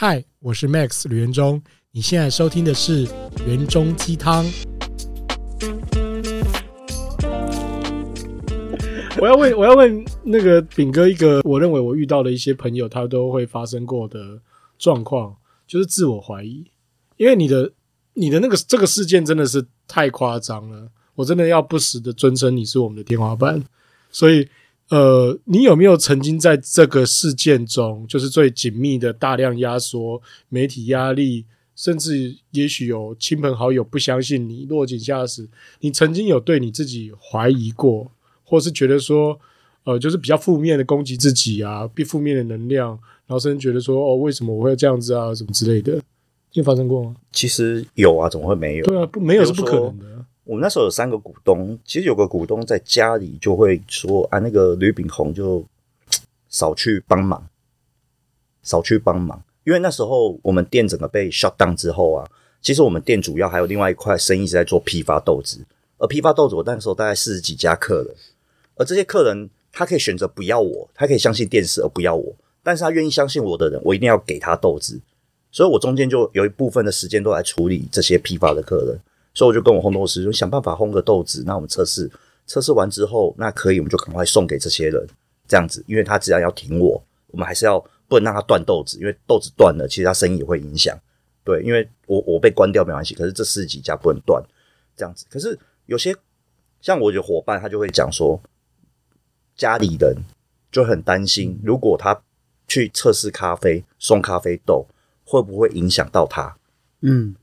嗨，Hi, 我是 Max 呂元鐘。你現在收聽的是《元鐘雞湯》。我要問，我要問那個炳哥一個，我認為我遇到的一些朋友，他都會發生過的狀況，就是自我懷疑。因為你的你的那個這個事件真的是太誇張了，我真的要不時的尊稱你是我們的天花板，所以。呃，你有沒有曾經在這個事件中，就是最緊密的大量壓縮，媒體壓力，甚至也許有親朋好友不相信你落井下石？你曾經有對你自己懷疑過，或是覺得說，呃，就是比較負面的攻擊自己啊，被負面的能量，然後甚至覺得說，哦，為什麼我會這樣子啊，什麼之類的，有發生過嗎？其實有啊，怎麼會沒有？對啊，不，沒有是不可能的。我們那時候有三個股東，其實有個股東在家裡就會說：“啊，那個呂炳宏就少去幫忙，少去幫忙。”因為那時候我們店整個被 shut down 之後啊，其實我們店主要還有另外一塊生意是在做批發豆子，而批發豆子我那時候大概四十幾家客人，而這些客人他可以選擇不要我，他可以相信電視而不要我，但是他願意相信我的人，我一定要給他豆子，所以我中間就有一部分的時間都來處理這些批發的客人。所以我就跟我烘豆師說，就想辦法烘個豆子。那我們測試，測試完之後，那可以我們就趕快送給這些人，這樣子，因為他既然要，要挺我，我們還是要不能讓他斷豆子，因為豆子斷了，其實他生意也會影響。對，因為我我被關掉沒關係，可是這十幾家不能斷，這樣子。可是有些像我的夥伴，他就會講說，家裡人就很擔心，如果他去測試咖啡，送咖啡豆，會不會影響到他？嗯，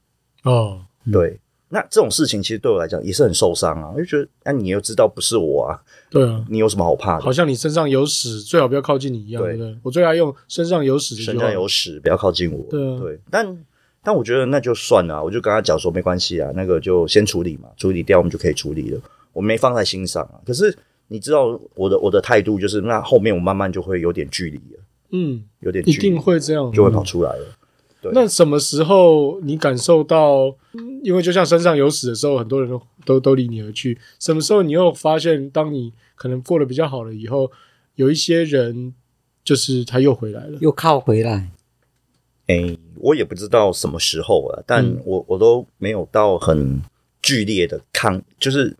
哦，嗯，對。那這種事情其實對我來講也是很受傷啊，我就覺得那、啊、你又知道不是我啊，對啊，你有什麼好怕的？好像你身上有屎，最好不要靠近你一樣，對不對？我最愛用身上有屎，身上有屎不要靠近我，對，啊、對，但但我覺得那就算了，我就跟他講說沒關係啊，那個就先處理嘛，處理掉我們就可以處理了，我沒放在心上啊。可是你知道我的我的態度就是，那後面我慢慢就會有點距離了，嗯，有點距離。一定會這樣，就會跑出來了。嗯對那什麼時候你感受到？嗯、因為就像身上有屎的時候，很多人都都都離你而去。什麼時候你又發現，當你可能過得比較好了以後，有一些人就是他又回來了，又靠回來。哎、欸，我也不知道什麼時候了，但我、嗯、我都沒有到很劇烈的抗，就是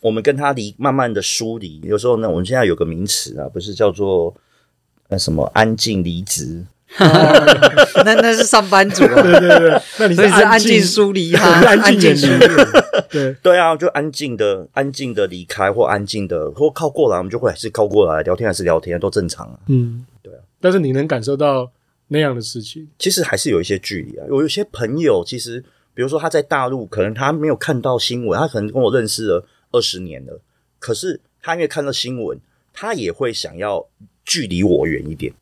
我們跟他離，慢慢的疏離。有時候呢，我們現在有個名詞啊，不是叫做那什麼安靜離職。哈哈、 啊、那那是上班族啊， 對對對，那你是安靜疏離哈， 安靜疏離。對 對啊，就安靜的、安靜的離開，或安靜的或靠過來，我們就會還是靠過來聊天，還是聊天都正常啊。嗯，對啊。但是你能感受到那樣的事情，其實還是有一些距離啊。我有一些朋友，其實比如說他在大陸，可能他沒有看到新聞，他可能跟我認識了二十年了，可是他因為看到新聞，他也會想要距離我遠一點。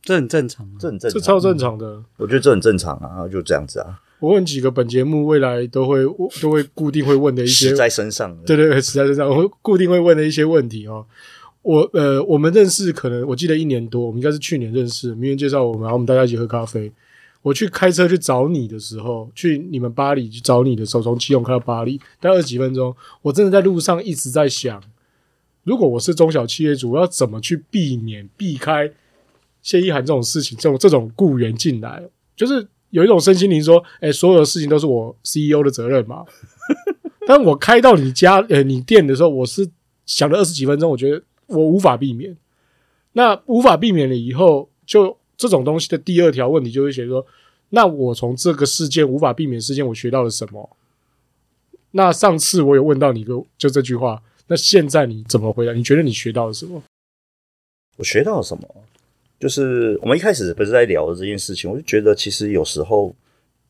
這很，啊、這很正常，這很這超正常的、嗯。我覺得這很正常啊，就這樣子啊。我問幾個本節目未來都會都會固定會問的一些 在身上對對對，實在身上我固定會問的一些問題哦。我呃，我們認識可能我記得一年多，我們應該是去年認識，明年介紹我們，然後我們大家一起喝咖啡。我去開車去找你的時候，去你們巴黎去找你的時候，從七龍開到巴黎，大概二十幾分鐘。我真的在路上一直在想，如果我是中小企業主，我要怎麼去避免避開。謝依涵這種事情，這種、這種僱員進來，就是有一種身心靈說，哎、欸，所有的事情都是我 CEO 的責任嘛。 但我開到你家，呃，你店的時候，我是想了二十幾分鐘，我覺得我無法避免。那無法避免了以後，就這種東西的第二條問題，就是寫說，那我從這個事件、無法避免事件，我學到了什麼？那上次我有問到你個，就這句話，那現在你怎麼回答？你覺得你學到了什麼？我學到了什麼？就是我們一開始不是在聊的這件事情，我就覺得其實有時候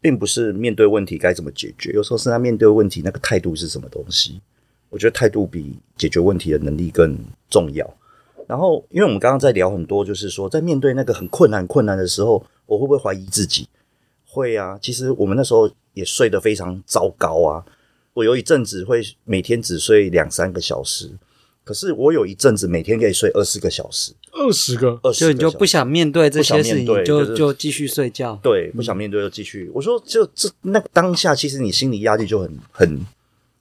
並不是面對問題該怎麼解決，有時候是他面對問題那個態度是什麼東西。我覺得態度比解決問題的能力更重要。然後，因為我們剛剛在聊很多，就是說在面對那個很困難困難的時候，我會不會懷疑自己？會啊，其實我們那時候也睡得非常糟糕啊。我有一陣子會每天只睡兩三個小時。可是我有一陣子每天可以睡二十個小時，二十個，二十個，所以就，就不想面對這些事情，就是、就繼續睡覺。對，不想面對就繼續。我說，就這那個、當下，其實你心理壓力就很很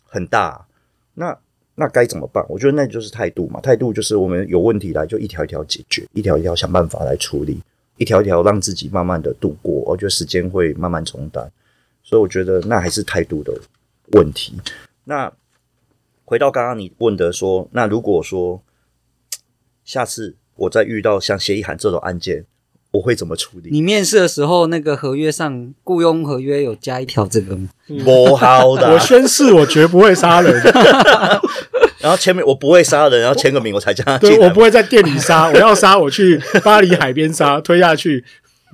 很大。那那該怎麼辦？我覺得那就是態度嘛，態度就是我們有問題來就一條一條解決，一條一條想辦法來處理，一條一條讓自己慢慢的度過。我覺得時間會慢慢沖淡，所以我覺得那還是態度的問題。那。回到剛剛你問的說，那如果說下次我再遇到像謝依涵這種案件，我會怎麼處理？你面試的時候，那個合約上雇傭合約有加一條這個嗎？無效啦，嗯、我宣誓我絕不會殺人， 然後簽名，我不會殺人，然後簽個名，我才叫他進來。我不會在店裡殺，我要殺我去巴黎海邊殺， 推下去。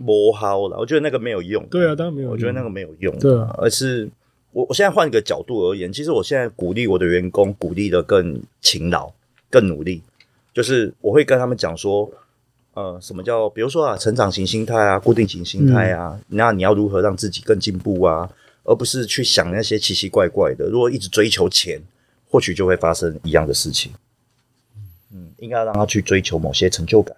無效啦，我覺得那個沒有用。對啊，當然沒有用。我覺得那個沒有用。對啊，而是。我我現在換一個角度而言，其實我現在鼓勵我的員工，鼓勵得更勤勞、更努力。就是我會跟他們講說，呃，什麼叫，比如說啊，成長型心態啊，固定型心態啊，嗯、那你要如何讓自己更進步啊？而不是去想那些奇奇怪怪的。如果一直追求錢，或許就會發生一樣的事情。嗯嗯，應該讓他去追求某些成就感，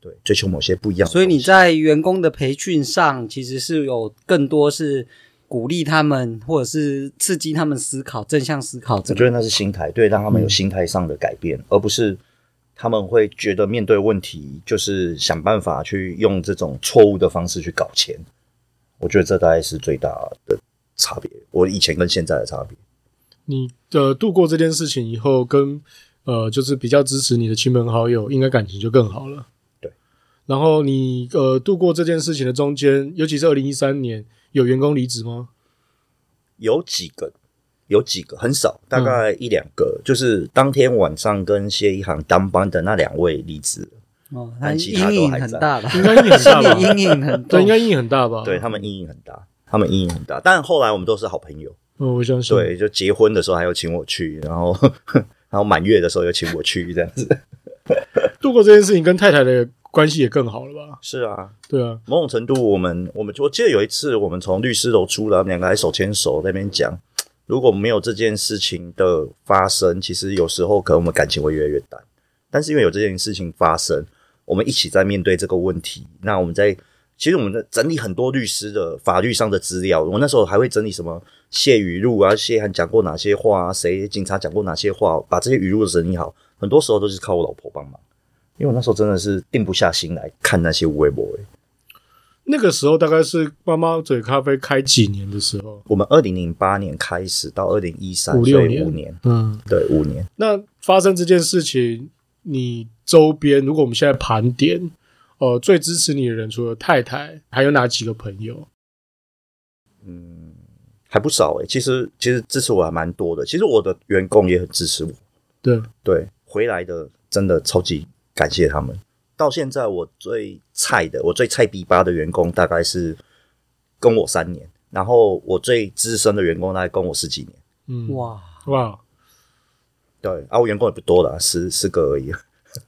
對，追求某些不一樣的。所以你在員工的培訓上，其實是有更多是。鼓勵他們，或者是刺激他們思考，正向思考。我覺得那是心態，對，讓他們有心態上的改變，嗯、而不是他們會覺得面對問題就是想辦法去用這種錯誤的方式去搞錢。我覺得這大概是最大的差別，我以前跟現在的差別。你的、呃、度過這件事情以後，跟呃，就是比較支持你的親朋好友，應該感情就更好了。然後你呃度過這件事情的中間，尤其是二零一三年，有員工離職嗎？有幾個，有幾個很少，大概一兩個。嗯、就是當天晚上跟謝依涵當班的那兩位離職。哦，那陰影很大吧？應該陰影很大吧？對，應該陰影很大吧？對他們陰影很大，他們陰影很大，但後來我們都是好朋友。嗯、我相信。對，就結婚的時候還要請我去，然後 然後滿月的時候又請我去，這樣子。 度過這件事情跟太太的關係也更好了吧？是啊，對啊。某種程度，我們我們我記得有一次，我們從律師樓出來，我們兩個還手牽手在那邊講。如果沒有這件事情的發生，其實有時候可能我們感情會越來越淡。但是因為有這件事情發生，我們一起在面對這個問題。那我們在其實我們在整理很多律師的法律上的資料。我那時候還會整理什麼謝語錄啊，謝涵講過哪些話啊，誰警察講過哪些話，把這些語錄整理好。很多時候都是靠我老婆幫忙。因為我那時候真的是定不下心來看那些微博。那個時候大概是媽媽嘴咖啡開幾年的時候？我們二零零八年開始到二零一三，五六年，五年，嗯，對，五年。那發生這件事情，你周邊，如果我們現在盤點，呃，最支持你的人除了太太，還有哪幾個朋友？嗯，還不少誒、欸。其實，其實支持我還蠻多的。其實我的員工也很支持我。對對，回來的真的超級。感謝他們。到現在，我最菜的，我最菜逼八的員工大概是跟我三年，然後我最資深的員工大概跟我十幾年。嗯，哇哇，對啊，我員工也不多了，啊，十十個而已。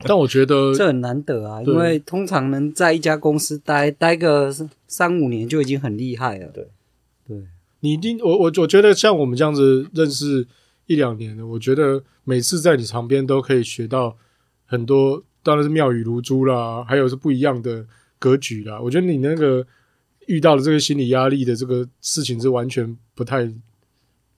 但我覺得 這很難得啊，因為通常能在一家公司待對待個三五年就已經很厲害了。對對，對你一定我我我覺得像我們這樣子認識一兩年的，我覺得每次在你旁邊都可以學到很多。當然是妙語如珠啦，還有是不一樣的格局啦。我覺得你那個遇到的這個心理壓力的這個事情是完全不太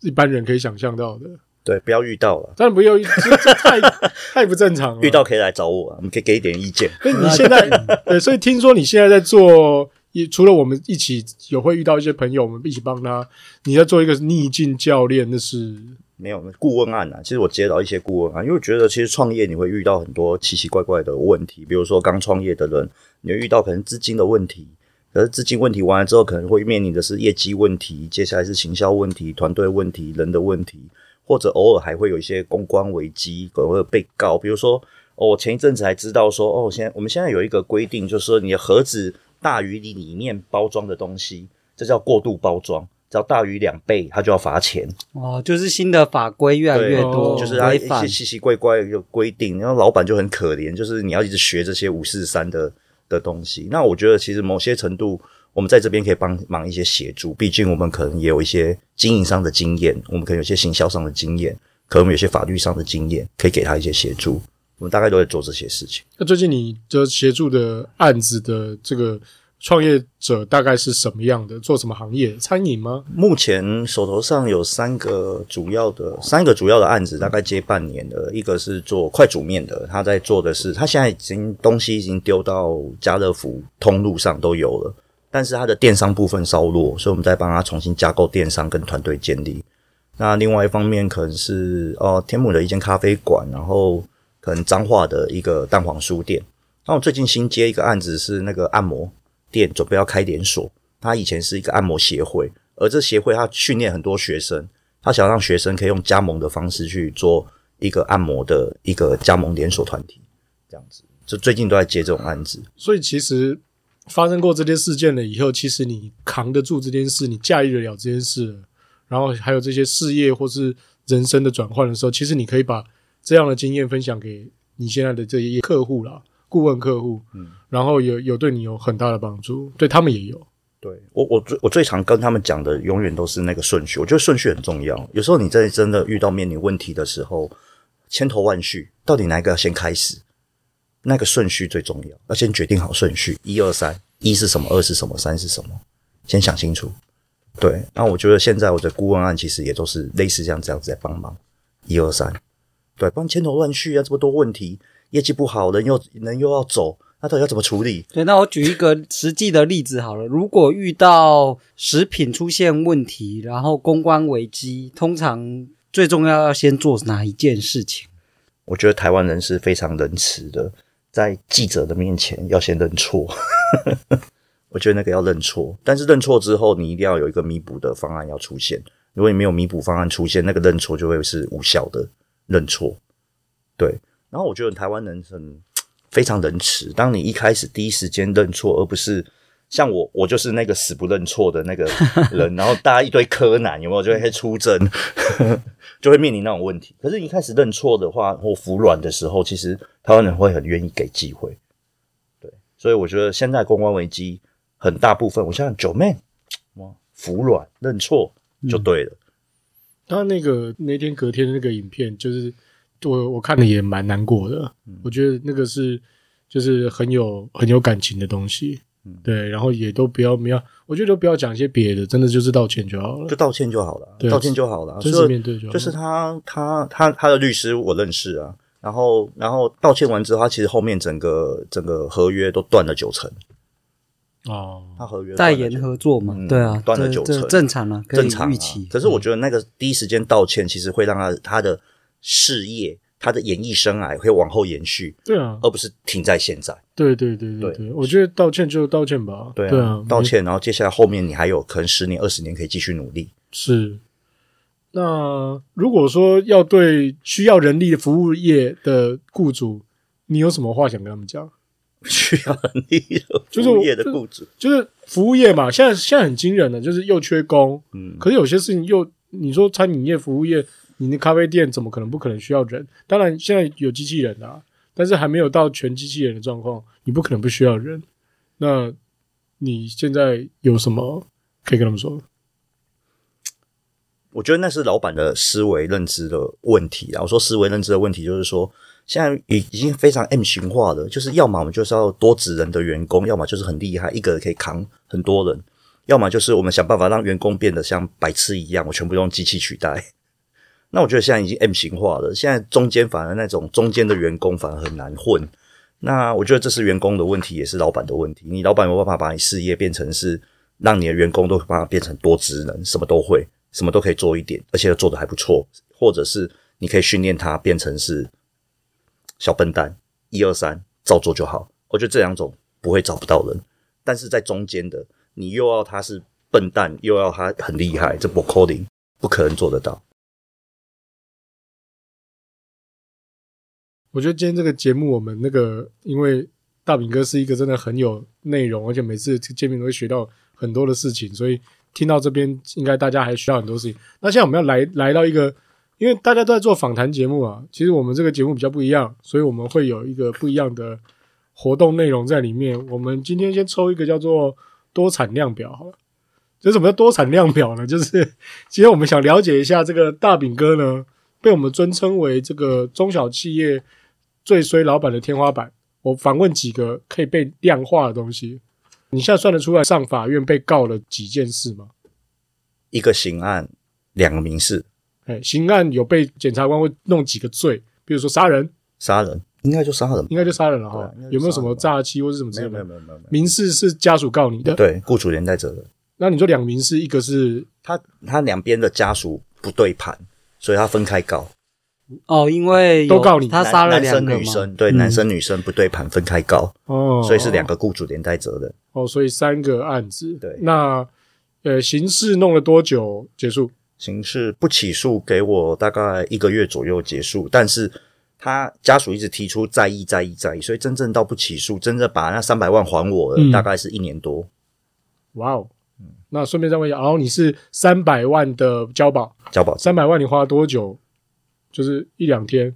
一般人可以想象到的。對，不要遇到了，但不要遇，太 太不正常了。遇到可以來找我，我們可以給一點意見。所以你現在，對，所以聽說你現在在做，也除了我們一起有會遇到一些朋友，我們一起幫他，你在做一個逆境教練，那是。沒有顧問案啊，其實我接到一些顧問案、啊，因為我覺得其實創業你會遇到很多奇奇怪怪的問題，比如說剛創業的人，你會遇到可能資金的問題，可是資金問題完了之後，可能會面臨的是業績問題，接下來是行銷問題、團隊問題、人的問題，或者偶爾還會有一些公關危機，可能會被告。比如說，我、哦、前一陣子還知道說，哦，現在我們現在有一個規定，就是說你的盒子大於你裡面包裝的東西，這叫過度包裝。只要大於兩倍，他就要罰錢。哦，就是新的法規越來越多，對哦，就是他一些奇奇怪怪的規定，然後老闆就很可憐，就是你要一直學這些五四三的的東西。那我覺得其實某些程度，我們在這邊可以幫忙一些協助，畢竟我們可能也有一些經營上的經驗，我們可能有些行銷上的經驗，可能有些法律上的經驗，可以給他一些協助。我們大概都在做這些事情。那最近你的協助的案子的這個。創業者大概是什麼樣的？做什麼行業？餐飲嗎？目前手頭上有三個主要的三個主要的案子，大概接半年的。一個是做快煮麵的，他在做的是他現在已經東西已經丟到家樂福通路上都有了，但是他的電商部分稍弱，所以我們在幫他重新架構電商跟團隊建立。那另外一方面可能是哦，呃，天母的一間咖啡館，然後可能彰化的一個蛋黃酥店。那我最近新接一個案子是那個按摩店準備要開連鎖，他以前是一個按摩協會，而這協會他訓練很多學生，他想讓學生可以用加盟的方式去做一個按摩的一個加盟連鎖團體，這樣子，就最近都在接這種案子。所以其實發生過這些事件了以後，其實你扛得住這件事，你駕馭得了這件事了，然後還有這些事業或是人生的轉換的時候，其實你可以把這樣的經驗分享給你現在的這些客戶啦。顧問客戶，嗯，然後有有對你有很大的幫助，對他們也有。對，我，我最我最常跟他們講的，永遠都是那個順序。我覺得順序很重要。有時候你在真的遇到面臨問題的時候，千頭萬緒，到底哪一個要先開始，那個順序最重要。要先決定好順序，一二三，一是什麼，二是什麼，三是什麼，先想清楚。對，那我覺得現在我的顧問案其實也都是類似這樣這樣子在幫忙。一二三，對，不然千頭萬緒啊，這麼多問題。業績不好，人又人又要走，那到底要怎麼處理？對，那我舉一個實際的例子好了。 如果遇到食品出現問題，然後公關危機，通常最重要要先做哪一件事情？我覺得台灣人是非常仁慈的，在記者的面前要先認錯。 我覺得那個要認錯，但是認錯之後，你一定要有一個彌補的方案要出現。如果你沒有彌補方案出現，那個認錯就會是無效的認錯。對。然後我覺得台灣人很非常仁慈，當你一開始第一時間認錯，而不是像我，我就是那個死不認錯的那個人。 然後大家一堆柯南有沒有就會出征， 就會面臨那種問題。可是一開始認錯的話，或服軟的時候，其實台灣人會很願意給機會。對，所以我覺得現在的公關危機很大部分，我相信 Joeman 服軟認錯就對了。嗯，他那個那天隔天的那個影片就是。我我看的也蠻難過的，我覺得那個是就是很有很有感情的東西，對，然後也都不要不要，我覺得都不要講一些別的，真的就是道歉就好了，就道歉就好了，對道歉就好了，真實面對就是就就是他他他他，他的律師我認識啊，然後然後道歉完之後，他其實後面整個整個合約都斷了九成，哦，他合約代言合作嘛，對啊，斷了九成，正常啊，正常啊，可是我覺得那個第一時間道歉，其實會讓他、嗯、他的。事業，他的演藝生涯會往後延續，對啊，而不是停在現在。對對對對對，對我覺得道歉就道歉吧，對啊，對啊，道歉，沒然後接下來後面你還有可能十年、二十年可以繼續努力。是，那如果說要對需要人力的服務業的雇主，你有什麼話想跟他們講？需要人力，就是服務業的雇主，就是，就是服務業嘛。現在現在很驚人的就是又缺工，嗯，可是有些事情又你說餐飲業、服務業。你的咖啡店怎麼可能不可能需要人？當然，現在有機器人啊，但是還沒有到全機器人的狀況。你不可能不需要人。那你現在有什麼可以跟他們說？我覺得那是老闆的思維認知的問題啊。我說思維認知的問題，就是說現在已經非常 M 型化了，就是要麼我們就是要多指人的員工，要麼就是很厲害，一個人可以扛很多人，要麼就是我們想辦法讓員工變得像白痴一樣，我全部用機器取代。那我覺得現在已經 M 型化了，現在中間反而那種中間的員工反而很難混。那我覺得這是員工的問題，也是老板的問題。你老板有，有辦法把你事業變成是讓你的員工都把它變成多職能，什麼都會，什麼都可以做一點，而且又做的還不錯。或者是你可以訓練他變成是小笨蛋，一二三照做就好。我覺得這兩種不會找不到人，但是在中間的你又要他是笨蛋，又要他很厲害，這不 coding 不可能做得到。我覺得今天這個節目，我們那個因為大餅哥是一個真的很有內容，而且每次見面都會學到很多的事情，所以聽到這邊應該大家還需要很多事情。那現在我們要來來到一個，因為大家都在做訪談節目啊，其實我們這個節目比較不一樣，所以我們會有一個不一樣的活動內容在裡面。我們今天先抽一個叫做多慘量表，好了，這什麼叫多慘量表呢？就是今天我們想了解一下這個大餅哥呢，被我們尊稱為這個中小企業。最衰老闆的天花板，我反問幾個可以被量化的東西，你現在算得出來上法院被告了幾件事嗎？一個刑案，兩個民事。哎，刑案有被檢察官會弄幾個罪，比如說殺人，殺人，應該就殺人，應該就殺人了哈、哦。有沒有什麼詐欺或者什麼之類的？沒有沒有沒有。民事是家屬告你的，對僱主連帶責任。那你說兩個民事，一個是他他兩邊的家屬不對盤，所以他分開告。哦，因為都告你，男他殺了兩個男男生、女生，對，嗯、男生女生不對盤，分開告哦，所以是兩個雇主連帶責任哦，所以三個案子對。那呃，刑事弄了多久結束？刑事不起訴給我大概一個月左右結束，但是他家屬一直提出再議、再議、再議，所以真正到不起訴，真正把那三百萬還我的，嗯、大概是一年多。哇哦，那順便再問一下，然、哦、後你是三百萬的交保，交保三百萬你花了多久？就是一兩天，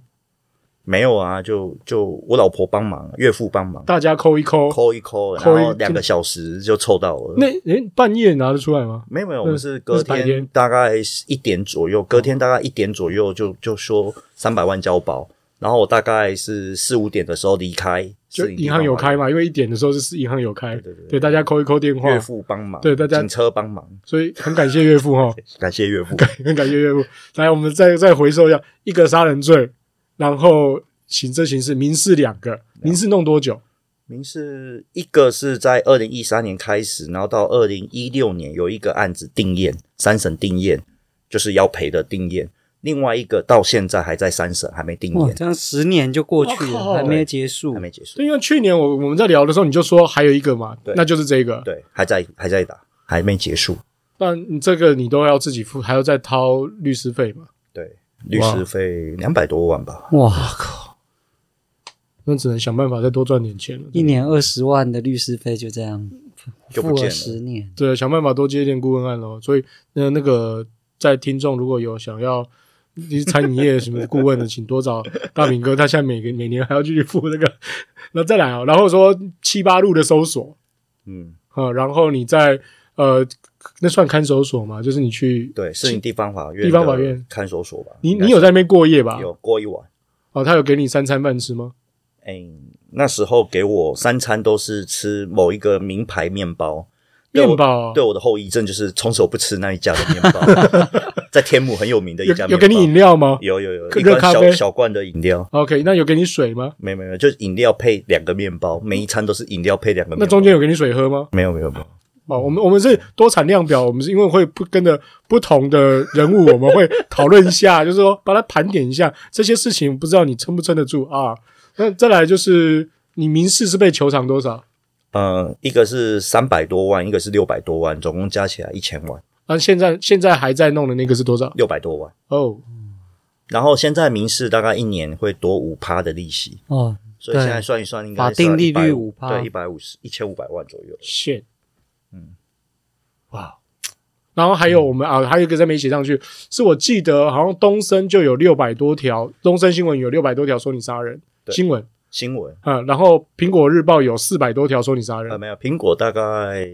沒有啊，就就我老婆幫忙，岳父幫忙，大家扣一扣，扣一扣，然後兩個小時就湊到了。那哎，半夜拿得出來嗎？沒有沒有，那我們是隔天大概一點左右，那隔天大概一點左右就、嗯、就說三百萬交保。然後我大概是四五點的時候離開，就銀行有開嘛，因為一點的時候是銀行有開。對，對，對，對，大家扣一扣電話，岳父幫忙，對大家停車幫忙，所以很感謝岳父哈， 感謝岳父，很感很感謝岳父。 來，我們再再回收一下，一個殺人罪，然後刑責刑事民事兩個，民事弄多久？民事一個是在二零一三年開始，然後到二零一六年有一個案子定讞，三審定讞，就是要賠的定讞。另外一個到現在還在三審，還沒定讞。這樣十年就過去了，靠還沒結束，還沒結束。對，因為去年我我們在聊的時候，你就說還有一個嘛，對，那就是這個，對，還在還在打，還沒結束。那你這個你都要自己付，還要再掏律師費嘛？對，律師費兩百多萬吧。哇靠！那只能想辦法再多賺點錢了。一年二十萬的律師費就這樣，過了十年，就對，想辦法多接點顧問案咯。所以，那個在聽眾如果有想要。你是餐飲業什麼顧問的，請多找大明哥。他現在每個每年還要繼續付那個，那再來哦、喔。然後說七八路的搜索，嗯好，然後你在呃，那算看守所嗎？就是你去對市地方法地方法院看守所吧。你你有在那邊過夜吧？有過一晚哦。他有給你三餐飯吃嗎？哎、欸，那時候給我三餐都是吃某一個名牌麵包，麵包、哦、對，我的後遺症就是從此我不吃那一家的麵包。 在天母很有名的一家。有，有給你飲料嗎？有有有，熱跟咖啡，小罐的飲料。OK，那有給你水嗎？沒有沒有，就是就飲料配兩個麵包，每一餐都是飲料配兩個麵包。那中間有給你水喝嗎？沒有沒有沒有。沒有沒有哦、我們我們是多產量表，我們是因為會不跟着不同的人物， 我們會討論一下，就是說把它盤點一下這些事情，不知道你撐不撐得住啊？那再來就是你民事是被求償，多少？嗯、呃，一個是三百多萬，一個是六百多萬，總共加起來一千萬。啊、現在現在還在弄的那個是多少？六百多萬哦。Oh, 然後現在民事大概一年會多五趴的利息哦，oh, 對所以現在算一算，應該是法定利率五趴，對，一百五十，一千五百萬左右。現 Shit 嗯，哇、wow。然後還有我們、嗯、啊，還有一個字沒寫上去，是我記得好像東森就有六百多條，東森新聞有六百多條說你殺人對新聞新聞、啊、然後蘋果日報有四百多條說你殺人啊，沒有蘋果大概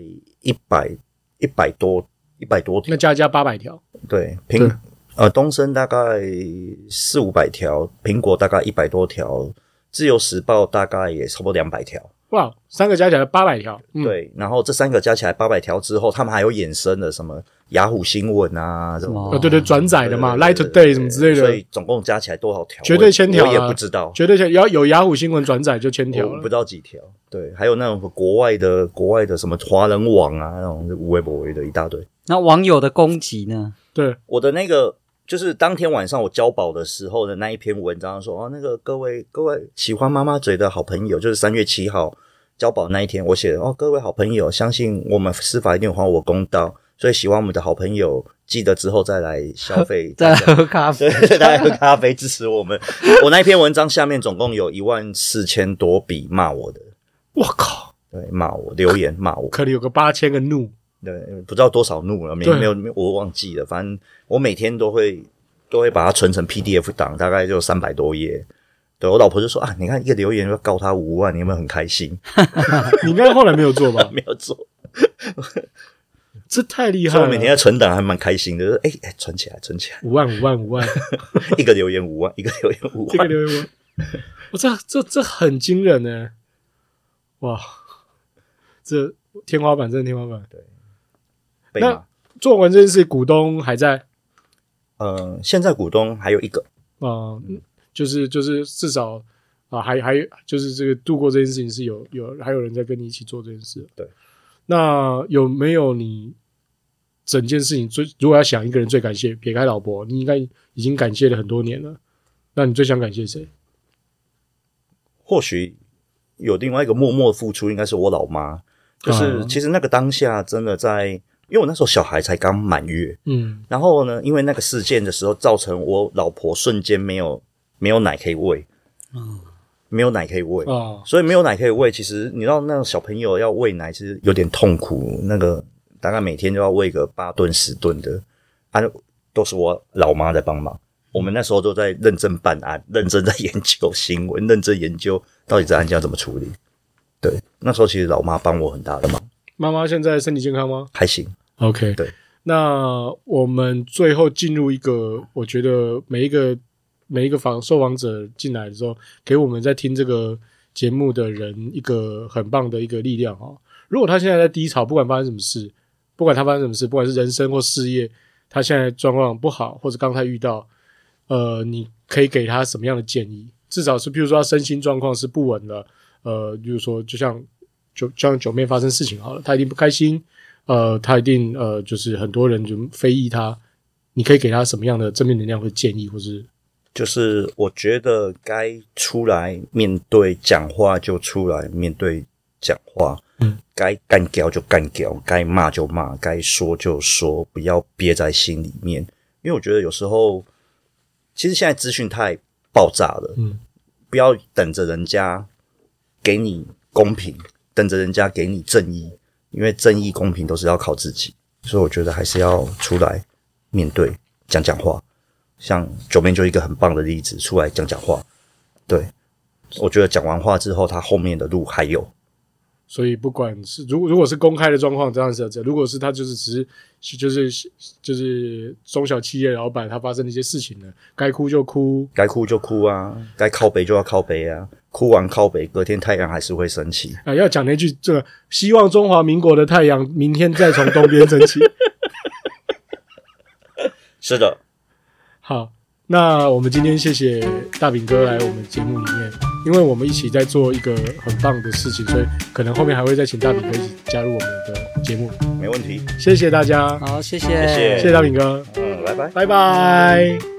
一百一百多。一百多條，那加加八百條，對，蘋，是呃，東森大概四五百條，蘋果大概一百多條，自由時報大概也差不多兩百條，哇，三個加起來八百條，嗯、對，然後這三個加起來八百條之後，他們還有衍生的什麼？雅虎新聞啊，什麼、哦、對對轉載的嘛，對對對對對，LINE TODAY 什麼之類的，所以總共加起來多少條？絕對千條，啊，我也不知道。絕對要有雅虎新聞轉載就千條不知道幾條。對，還有那種國外的，國外的什麼華人網啊，那種無微博微的一大堆。那網友的攻擊呢？對，我的那個就是當天晚上我交保的時候的那一篇文章說，說哦，那個各位各位，喜歡媽媽嘴的好朋友，就是三月七號交保那一天，我寫的哦，各位好朋友，相信我們司法一定有還我公道。所以希望我們的好朋友記得之後再來消費，再來喝咖啡對， 再來喝咖啡支持我們。 我那一篇文章下面總共有一萬四千多筆罵我的，我靠！對，罵我留言罵我，可能有個八千個怒，對，不知道多少怒了，沒沒有對沒有，我忘記了。反正我每天都會都會把它存成 PDF 檔，大概就三百多頁。對我老婆就說啊，你看一個留言要告他五萬，你有沒有很開心？ 你應該後來沒有做吧？ 沒有做。 這太厲害了！所以每天要存檔，還蠻開心的。哎哎，存起來，存起來。五萬，五萬，五萬。 一個留言五萬，一個留言五萬，一個留言五萬。我、哦、這這這很驚人呢！哇，這天花板，真的天花板。對。那馬做完這件事，股東還在？嗯、呃，現在股東還有一個。嗯、呃，就是就是至少啊、呃，還還就是這個度過這件事情是有有還有人在跟你一起做這件事。對。那有沒有你整件事情最，如果要想一個人最感謝，撇開老婆，你應該已經感謝了很多年了。那你最想感謝誰？或許有另外一個默默的付出，應該是我老媽。嗯，就是其實那個當下真的在，因為我那時候小孩才剛滿月，嗯，然後呢，因為那個事件的時候，造成我老婆瞬間沒有沒有奶可以餵，嗯。沒有奶可以餵，哦、所以沒有奶可以餵。其實你知道，那個小朋友要餵奶其實有點痛苦。那個大概每天都要餵個八頓十頓的，啊，都是我老媽在幫忙。我們那時候都在認真辦案，認真在研究新聞，認真研究到底這案件要怎麼處理。對，那時候其實老媽幫我很大的忙。媽媽現在身體健康嗎？還行。OK。對，那我們最後進入一個，我覺得每一個。每一個訪受訪者進來的時候，給我們在聽這個節目的人一個很棒的一個力量哦，如果他現在在低潮，不管發生什麼事，不管他發生什麼事，不管是人生或事業，他現在狀況不好，或者剛才遇到，呃，你可以給他什麼樣的建議？至少是，譬如說，他身心狀況是不穩的，呃，比如說就像就，就像就就像九妹發生事情好了，他一定不開心，呃，他一定呃，就是很多人就非議他，你可以給他什麼樣的正面能量或建議，或是？就是我覺得該出來面對講話就出來面對講話，嗯，該幹屌就幹屌，該罵就罵，該說就說，不要憋在心裡面。因為我覺得有時候，其實現在資訊太爆炸了，嗯，不要等着人家給你公平，等着人家給你正義，因為正義公平都是要靠自己。所以我覺得還是要出來面對，講講話。像九邊就一個很棒的例子，出來講講話，對，我覺得講完話之後，他後面的路還有。所以不管是如果，如果是公開的狀況這樣子，這如果是他就是只是就是、就是、就是中小企業老闆，他發生了一些事情呢，該哭就哭，該哭就哭啊，該靠北就要靠北啊，哭完靠北，隔天太陽還是會升起啊、呃。要講那句這個，希望中華民國的太陽明天再從東邊升起。 是的。好，那我們今天謝謝大炳哥來我們節目裡面，因為我們一起在做一個很棒的事情，所以可能後面還會再請大炳哥一起加入我們的節目，沒問題。謝謝大家，好，謝謝，謝謝大炳哥，嗯，拜拜，拜拜。拜拜。